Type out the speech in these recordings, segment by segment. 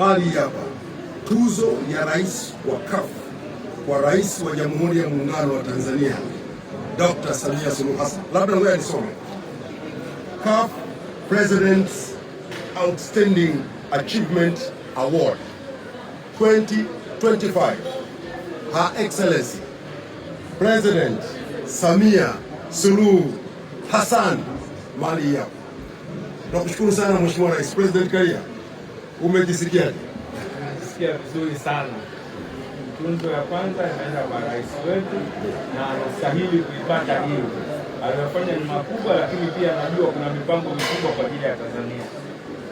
Hali hapa tuzo ya rais wa kafu kwa rais wa Jamhuri ya Muungano wa Tanzania Dr. Samia Suluhu Hassan. Labda ngoja nisome CUF President's Outstanding Achievement Award 2025 Her Excellency President Samia Suluhu Hassan. mali hapa nakushukuru sana Mheshimiwa Rais President Karia Umejisikiaje? Najisikia vizuri sana. Tunzo ya kwanza inaenda kwa rais wetu na anastahili kuipata hiyo. aliyofanya ni makubwa, lakini pia anajua kuna mipango mikubwa kwa ajili ya Tanzania.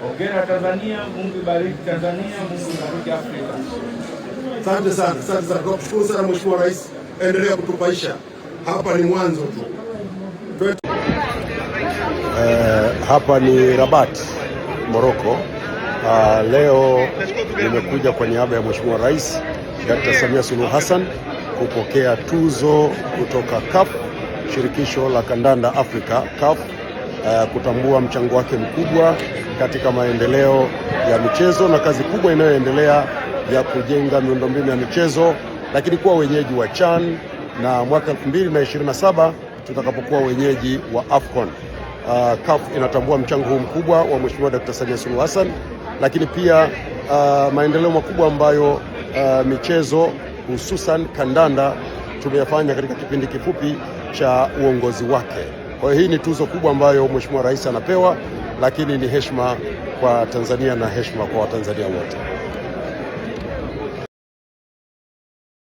Hongera Tanzania, Mungu ibariki Tanzania, Mungu ibariki Afrika. Asante sana, asante sana. Tunakushukuru sana Mheshimiwa Rais, endelea kutupaisha. Hapa ni mwanzo tu. Uh, hapa ni Rabat, Morocco. Aa, ah, leo nimekuja kwa niaba ya Mheshimiwa Rais Dr. Samia Suluhu Hassan kupokea tuzo kutoka CAF shirikisho la kandanda Afrika CAF aa, ah, kutambua mchango wake mkubwa katika maendeleo ya michezo na kazi kubwa inayoendelea ya kujenga miundombinu ya michezo, lakini kuwa wenyeji wa CHAN na mwaka 2027 tutakapokuwa wenyeji wa AFCON uh, CAF inatambua mchango huu mkubwa wa Mheshimiwa Dr. Samia Suluhu Hassan, lakini pia uh, maendeleo makubwa ambayo uh, michezo hususan kandanda tumeyafanya katika kipindi kifupi cha uongozi wake. Kwa hiyo hii ni tuzo kubwa ambayo Mheshimiwa Rais anapewa, lakini ni heshima kwa Tanzania na heshima kwa Watanzania wote.